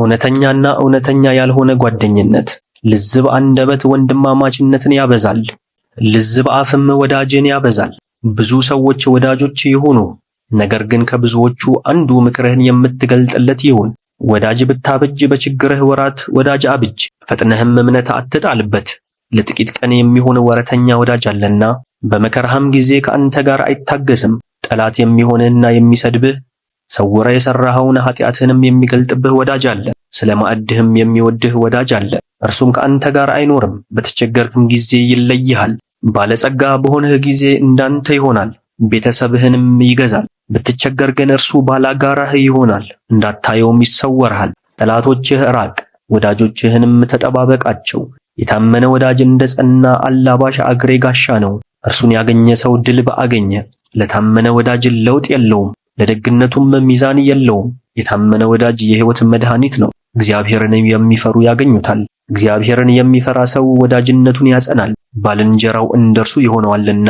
እውነተኛና እውነተኛ ያልሆነ ጓደኝነት ልዝብ አንደበት ወንድማማችነትን ያበዛል። ልዝብ አፍም ወዳጅን ያበዛል። ብዙ ሰዎች ወዳጆች ይሁኑ፣ ነገር ግን ከብዙዎቹ አንዱ ምክርህን የምትገልጥለት ይሁን። ወዳጅ ብታብጅ በችግርህ ወራት ወዳጅ አብጅ፣ ፈጥነህም እምነት አትጣልበት። ለጥቂት ቀን የሚሆን ወረተኛ ወዳጅ አለና በመከራህም ጊዜ ከአንተ ጋር አይታገስም። ጠላት የሚሆንህና የሚሰድብህ ሰውረ የሰራኸውን ኃጢአትህንም የሚገልጥብህ ወዳጅ አለ። ስለ ማዕድህም የሚወድህ ወዳጅ አለ። እርሱም ከአንተ ጋር አይኖርም። በተቸገርክም ጊዜ ይለይሃል። ባለጸጋ በሆንህ ጊዜ እንዳንተ ይሆናል፣ ቤተሰብህንም ይገዛል። ብትቸገር ግን እርሱ ባላጋራህ ይሆናል፣ እንዳታየውም ይሰወርሃል። ጠላቶችህ ራቅ፣ ወዳጆችህንም ተጠባበቃቸው። የታመነ ወዳጅ እንደ ጸና አላባሽ አግሬ ጋሻ ነው። እርሱን ያገኘ ሰው ድል በአገኘ። ለታመነ ወዳጅ ለውጥ የለውም። ለደግነቱም ሚዛን የለውም። የታመነ ወዳጅ የሕይወት መድኃኒት ነው። እግዚአብሔርን የሚፈሩ ያገኙታል። እግዚአብሔርን የሚፈራ ሰው ወዳጅነቱን ያጸናል፣ ባልንጀራው እንደርሱ ይሆነዋልና።